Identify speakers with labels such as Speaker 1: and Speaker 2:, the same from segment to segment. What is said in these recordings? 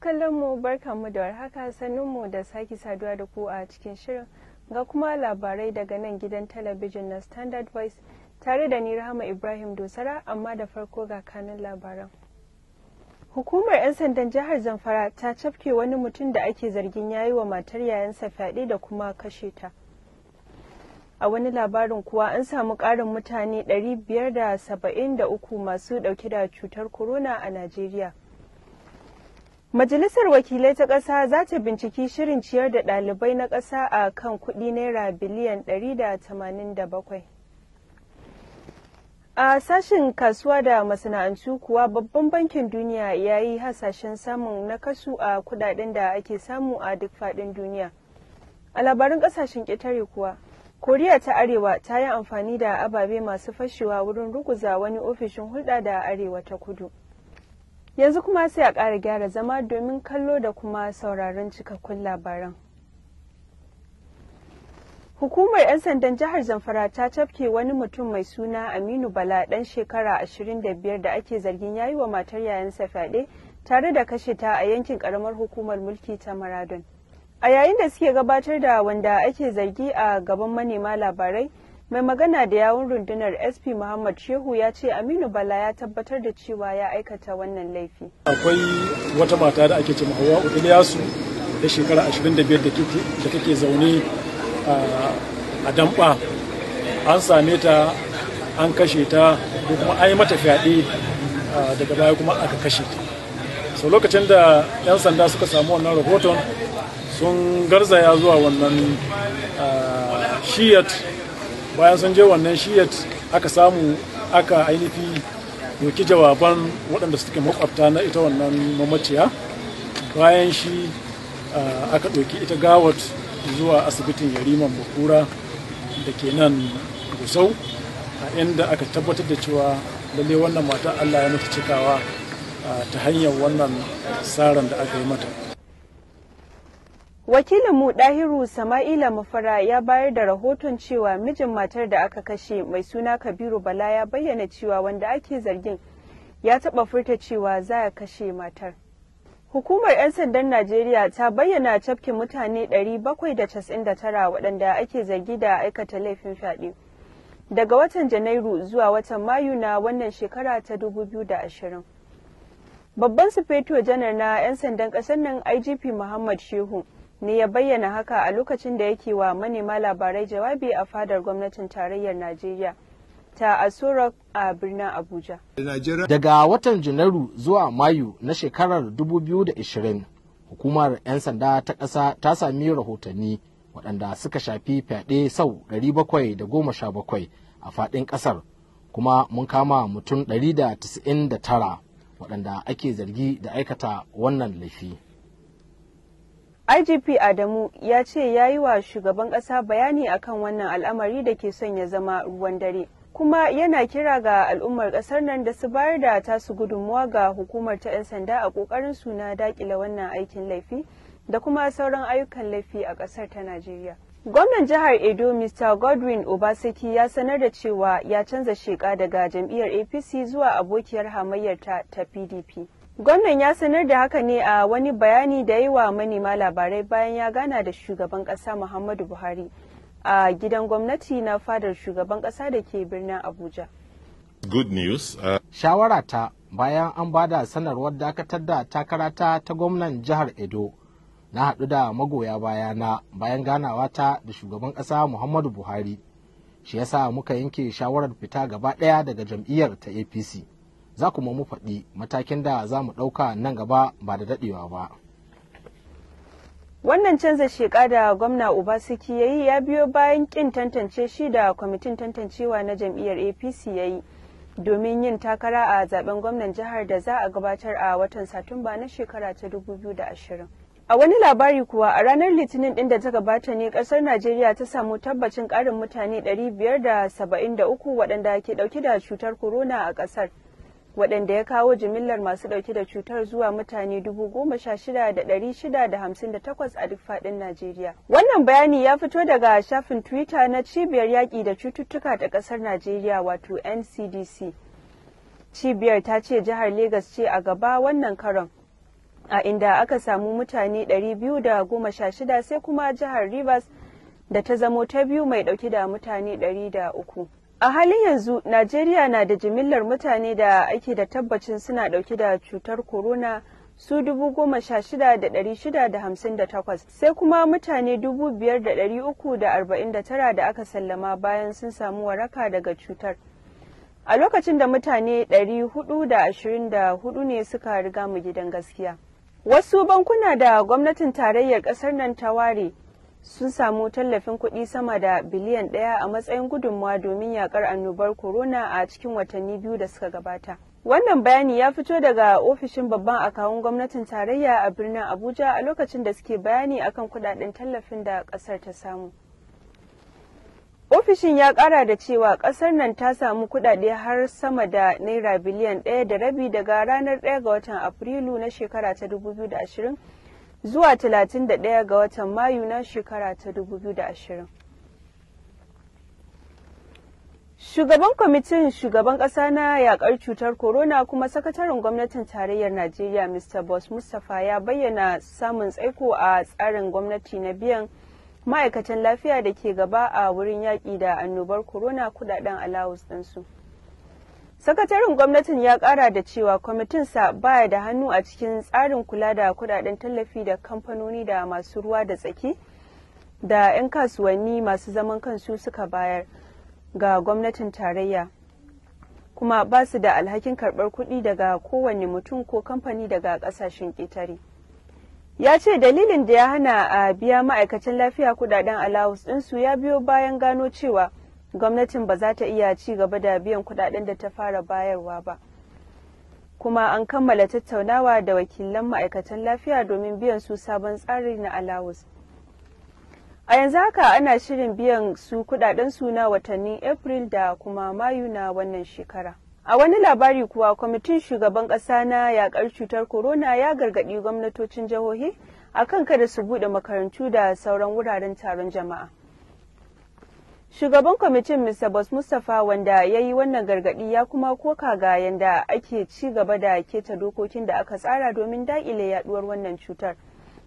Speaker 1: kallon mu da warhaka mu da sake saduwa da ku a cikin shirin ga kuma labarai daga nan gidan talabijin na standard voice tare da ni rahama ibrahim dosara amma da farko ga kanun labaran Hukumar 'yan sandan jihar Zamfara ta cafke wani mutum da ake zargin ya yi wa matar yayansa fyaɗe da kuma kashe ta. A wani labarin kuwa an samu ƙarin mutane 573 masu ɗauke da cutar corona a Najeriya. Majalisar Wakilai ta ƙasa za ta binciki shirin ciyar da ɗalibai na ƙasa a kan kuɗi naira biliyan 187. A sashen kasuwa da masana'antu kuwa babban bankin duniya ya yi hasashen samun nakasu a kudaden da ake samu a duk faɗin duniya. A labarin ƙasashen ƙetare kuwa, Koriya ta Arewa ta yi amfani da ababe masu fashewa wurin ruguza wani ofishin hulɗa da Arewa ta kudu. Yanzu kuma sai a ƙara gyara zama domin kallo da kuma sauraron cikakkun labaran. Hukumar 'yan sandan jihar Zamfara ta tafke wani mutum mai suna Aminu Bala dan shekara 25 da ake zargin yayi wa matar yayansa fyaɗe tare da kashe ta a yankin karamar hukumar mulki ta Maradon. A yayin da suke gabatar da wanda ake zargi a gaban manema labarai, mai magana da yawun rundunar sp muhammad shehu ya ce aminu bala ya tabbatar da cewa ya aikata wannan laifi akwai wata mata da ake ce da shekara 25 da take zaune a damɓa an same ta an kashe ta ko kuma an yi mata fyaɗe daga baya kuma aka kashe ta so lokacin da 'yan sanda suka samu wannan rahoton sun garzaya zuwa wannan shiyat bayan sun je wannan shiyat aka samu aka ainihi doki jawaban waɗanda suke makwabta na ita wannan mamaciya bayan shi aka ɗauki ita gawat zuwa asibitin yariman bukura da ke nan gusau a inda aka tabbatar da cewa lalle wannan mata allah ya mata cikawa ta hanyar wannan tsarin da aka yi mata mu ɗahiru sama'ila mafara ya bayar da rahoton cewa mijin matar da aka kashe mai suna kabiru bala ya bayyana cewa wanda ake zargin ya taɓa furta cewa za a kashe matar Hukumar 'yan sandan Najeriya ta bayyana cafke mutane 799 waɗanda ake zargi da aikata laifin fyaɗe. Daga watan Janairu zuwa watan Mayu na wannan shekara ta 2020. Babban sufeto janar na 'yan sandan ƙasar nan IGP Muhammad Shehu ne ya bayyana haka a lokacin da yake wa manema labarai jawabi a fadar gwamnatin tarayyar Najeriya. ta asura a birnin abuja daga watan janairu zuwa mayu na shekarar 2020 hukumar 'yan sanda ta ƙasa ta sami rahotanni waɗanda suka shafi fyaɗe sau 717 a faɗin ƙasar kuma mun kama mutum 199 waɗanda ake zargi da aikata wannan laifi. IGP Adamu ya ce ya yi wa shugaban ƙasa bayani akan wannan al'amari da ke son ya zama ruwan dare. kuma yana kira ga al'ummar kasar nan da su bayar da tasu gudunmuwa ga hukumar ta 'yan sanda a kokarin su na dakile wannan aikin laifi da kuma sauran ayyukan laifi a kasar ta najeriya gwamnan jihar edo mr godwin obaseki ya sanar da cewa ya canza sheka daga jam'iyyar apc zuwa abokiyar hamayyar ta, ta pdp gwamnan ya sanar da haka ne a wani bayani da yi wa manema labarai bayan ya gana da shugaban kasa muhammadu buhari a gidan gwamnati na fadar shugaban ƙasa da ke birnin Abuja. Good news. Uh, Shawara ta bayan an bada sanarwar dakatar da takarata ta gwamnan jihar Edo na haɗu da magoya bayana bayan ganawa ta da shugaban ƙasa Muhammadu Buhari. Shi yasa muka yanke shawarar fita gaba ɗaya daga jam'iyyar ta APC. Za kuma mu faɗi matakin da za mu ɗauka nan gaba ba da daɗewa ba. Wannan canza sheka da gwamna obasiki ya yi ya biyo bayan kin tantance shi da kwamitin tantancewa na jam'iyyar APC ya yi domin yin takara a zaben gwamnan jihar da za a gabatar a watan Satumba na shekara ta 2020. A wani labari kuwa a ranar Litinin ɗin da ta gabata ne ƙasar Najeriya ta samu tabbacin ƙarin mutane 573 waɗanda ke ɗauke da cutar corona a ƙasar. waɗanda ya kawo jimillar masu ɗauke da cutar zuwa mutane da da ɗari hamsin takwas a duk faɗin Najeriya. Wannan bayani ya fito daga shafin Twitter na cibiyar yaƙi da cututtuka ta ƙasar Najeriya wato NCDC. Cibiyar ta ce jihar Legas ce a gaba wannan karon. A inda aka samu mutane ɗari biyu da goma sha shida sai kuma jihar Rivers da ta zamo ta biyu mai ɗauki da mutane ɗari da uku. A halin yanzu, Najeriya na da jimillar mutane da ake da tabbacin suna dauke da cutar corona su dubu goma da takwas sai kuma mutane dubu da da aka sallama bayan sun samu waraka daga cutar. A lokacin da mutane 424 ne suka riga mu gidan gaskiya. Wasu bankuna da gwamnatin tarayyar ƙasar nan ta ware sun samu tallafin kuɗi sama da biliyan ɗaya a matsayin gudunmawa domin yakar annobar corona a cikin watanni biyu da suka gabata. Wannan bayani ya fito daga ofishin babban akawun gwamnatin tarayya a birnin Abuja a lokacin da suke bayani akan kuɗaɗen tallafin da ƙasar ta samu. Ofishin ya ƙara da cewa ƙasar nan ta samu kuɗaɗe har sama da naira biliyan ɗaya da rabi daga ranar ɗaya ga watan Afrilu na shekara ta 2020 zuwa 31 ga watan Mayu na shekara ta 2020. Shugaban kwamitin shugaban ƙasa na yaƙar cutar corona kuma sakataren gwamnatin tarayyar Najeriya Mr. Boss Mustapha ya bayyana samun tsaiko a tsarin gwamnati na biyan ma'aikatan lafiya da ke gaba a wurin yaƙi da annobar corona kudaden alawus ɗinsu. Sakataren gwamnatin ya kara da cewa kwamitinsa baya da hannu a cikin tsarin kula da kudaden tallafi da kamfanoni da masu ruwa da tsaki da 'yan kasuwanni masu zaman kansu suka bayar ga gwamnatin tarayya. Kuma ba su da alhakin karɓar kuɗi daga kowane mutum ko kamfani daga kasashen ƙetare. ya ce dalilin da ya hana a biya ma'aikacin lafiya kudaden alawus ɗinsu ya biyo bayan gano cewa gwamnatin ba za ta iya ci gaba da biyan kudaden da ta fara bayarwa ba kuma an kammala tattaunawa da wakilan ma'aikatan lafiya domin biyan su sabon tsari na alawus a yanzu haka ana shirin biyan su kudaden su na watannin april da kuma mayu na wannan shekara a wani labari kuwa kwamitin shugaban kasa na yakar cutar corona ya gargaɗi gwamnatocin jihohi akan kada su buɗe makarantu da sauran wuraren taron jama'a Shugaban kwamitin Mr. Bos Mustapha wanda ya yi wannan gargaɗi ya kuma koka ga yanda ake ci gaba da keta dokokin da aka tsara domin daƙile yaduwar wannan cutar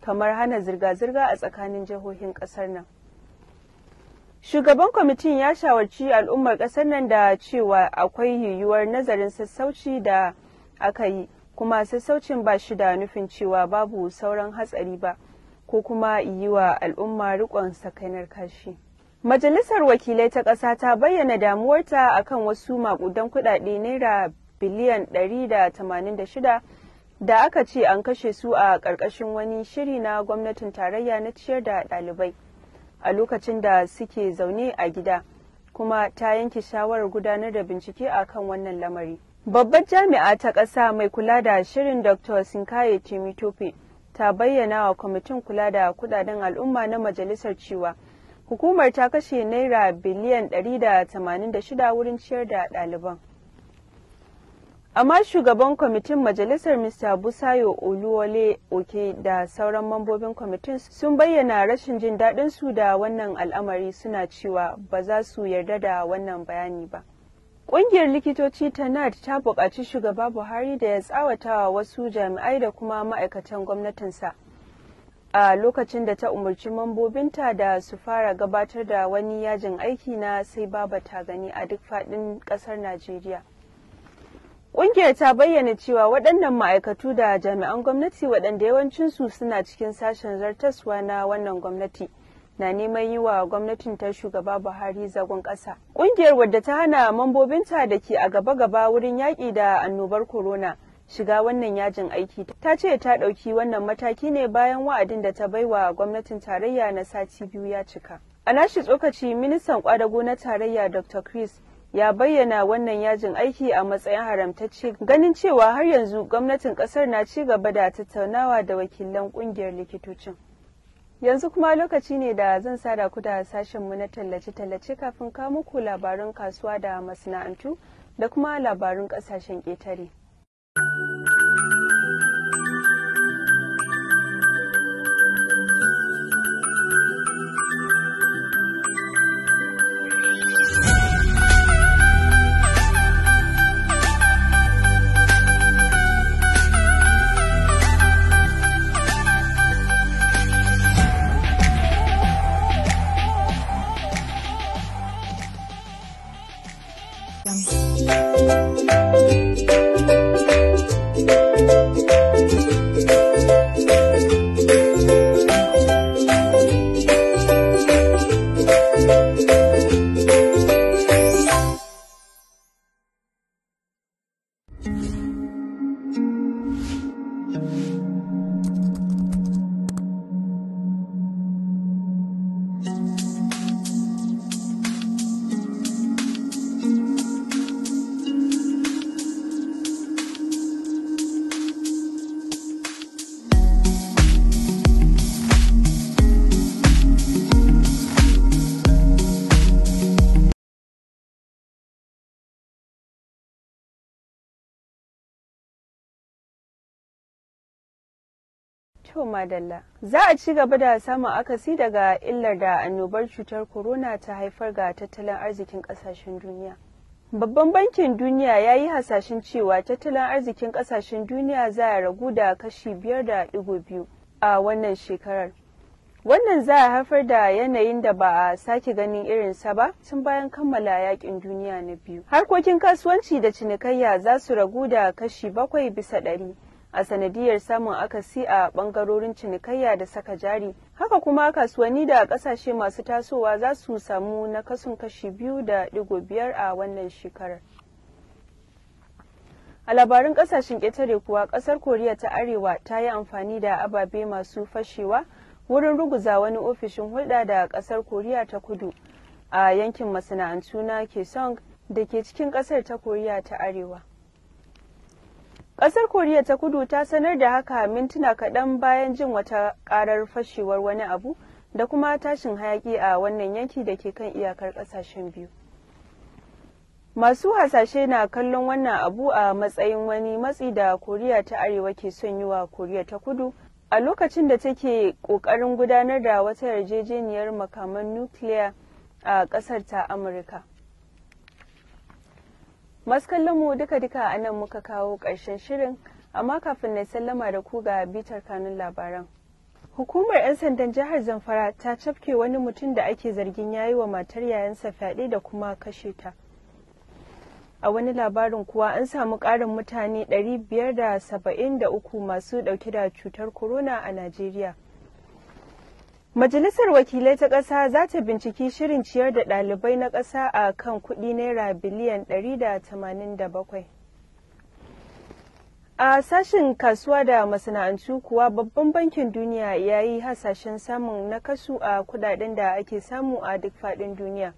Speaker 1: kamar hana zirga-zirga a tsakanin jihohin ƙasar nan. Shugaban kwamitin ya shawarci al'ummar ƙasar nan da cewa akwai yiwuwar nazarin sassauci da aka yi kuma sassaucin ba shi da nufin cewa babu sauran hatsari ba ko kuma yi wa al'umma riƙon sakainar kashi. Majalisar Wakilai ta ƙasa ta bayyana damuwarta a kan wasu maƙudan kuɗaɗe naira biliyan 186 da aka ce an kashe su a ƙarƙashin wani shiri na gwamnatin tarayya na ciyar da ɗalibai a lokacin da suke zaune a gida kuma ta yanke shawarar gudanar da bincike a kan wannan lamari. Babbar jami'a ta ƙasa mai kula da shirin Dr. Sinkaye Timitope ta bayyana wa kwamitin kula da kudaden al'umma na majalisar cewa Hukumar ta kashe Naira biliyan 186 wurin ciyar da ɗaliban. Amma shugaban kwamitin majalisar Mr. Busayo Oluwole Oke da sauran mambobin kwamitin sun bayyana rashin jin daɗin su da wannan al'amari suna cewa ba za su yarda da wannan bayani ba. Ƙungiyar likitoci ta NAD ta buƙaci shugaba Buhari da ya tsawata wasu jami'ai da kuma ma'aikatan gwamnatinsa a lokacin da ta umarci mambobinta da su fara gabatar da wani yajin aiki na sai baba ta gani a duk faɗin ƙasar najeriya Ƙungiyar ta bayyana cewa waɗannan ma'aikatu da jami'an gwamnati waɗanda yawancinsu suna cikin sashen zartaswa na wannan gwamnati na neman yi wa gwamnatin ta shugaba Buhari zagon ƙasa. Ƙungiyar wadda ta hana mambobinta da ke a gaba-gaba wurin yaƙi da annobar corona shiga wannan yajin aiki ta ce ta ɗauki wannan mataki ne bayan wa'adin da ta baiwa gwamnatin tarayya na sati biyu ya cika a nashi tsokaci ministan kwadago na tarayya dr chris ya bayyana wannan yajin aiki a matsayin haramtacce ganin cewa har yanzu gwamnatin kasar na ci gaba da tattaunawa da wakilan kungiyar likitocin yanzu kuma lokaci ne da zan sada ku da mu na tallace-tallace kafin kawo muku labarun kasuwa da masana'antu da kuma labarun kasashen ƙetare. Thank you. madalla. Za a ci gaba da samun akasi daga illar da annobar cutar corona ta haifar ga tattalin arzikin kasashen duniya. Babban bankin duniya ya yi hasashen cewa tattalin arzikin kasashen duniya za a ragu da kashi biyar da digo biyu a wannan shekarar. Wannan za a haifar da yanayin da ba a sake ganin irinsa ba tun bayan kammala yakin duniya na biyu. Harkokin kasuwanci da cinikayya za su ragu da kashi bakwai bisa ɗari. a sanadiyar samun akasi a bangarorin cinikayya da saka jari haka kuma kasuwanni da kasashe masu tasowa za su samu na kasun kashi biyu da digo biyar a wannan shekarar a labarin kasashen ƙetare kuwa ƙasar koriya ta arewa ta yi amfani da ababe masu fashewa wurin ruguza wani ofishin hulɗa da ƙasar koriya ta kudu a yankin masana'antu na kesong da ke cikin ƙasar ta koriya ta arewa Ƙasar Koriya ta kudu ta sanar da haka mintuna kaɗan bayan jin wata ƙarar fashewar wani abu da kuma tashin hayaki a wannan yanki da ke kan iyakar ƙasashen biyu. Masu hasashe na kallon wannan abu a matsayin wani matsi da Koriya ta Arewa ke son yi wa Koriya ta kudu a lokacin da take ƙoƙarin gudanar da wata yarjejeniyar makaman nukiliya a ƙasar ta Amurka. masu mu duka duka a nan muka kawo ƙarshen shirin amma kafin na sallama da ku ga bitar kanun labaran hukumar 'yan sandan jihar zamfara ta cafke wani mutum da ake zargin yayi wa matar yayansa fyaɗe da kuma kashe ta a wani labarin kuwa an samu ƙarin mutane 573 masu ɗauke da cutar corona a najeriya Majalisar Wakilai ta ƙasa za ta binciki shirin ciyar da ɗalibai na ƙasa a kan kuɗi naira biliyan 187. A sashen kasuwa da masana'antu kuwa babban bankin duniya ya yi hasashen samun nakasu a kudaden da ake samu a duk faɗin duniya.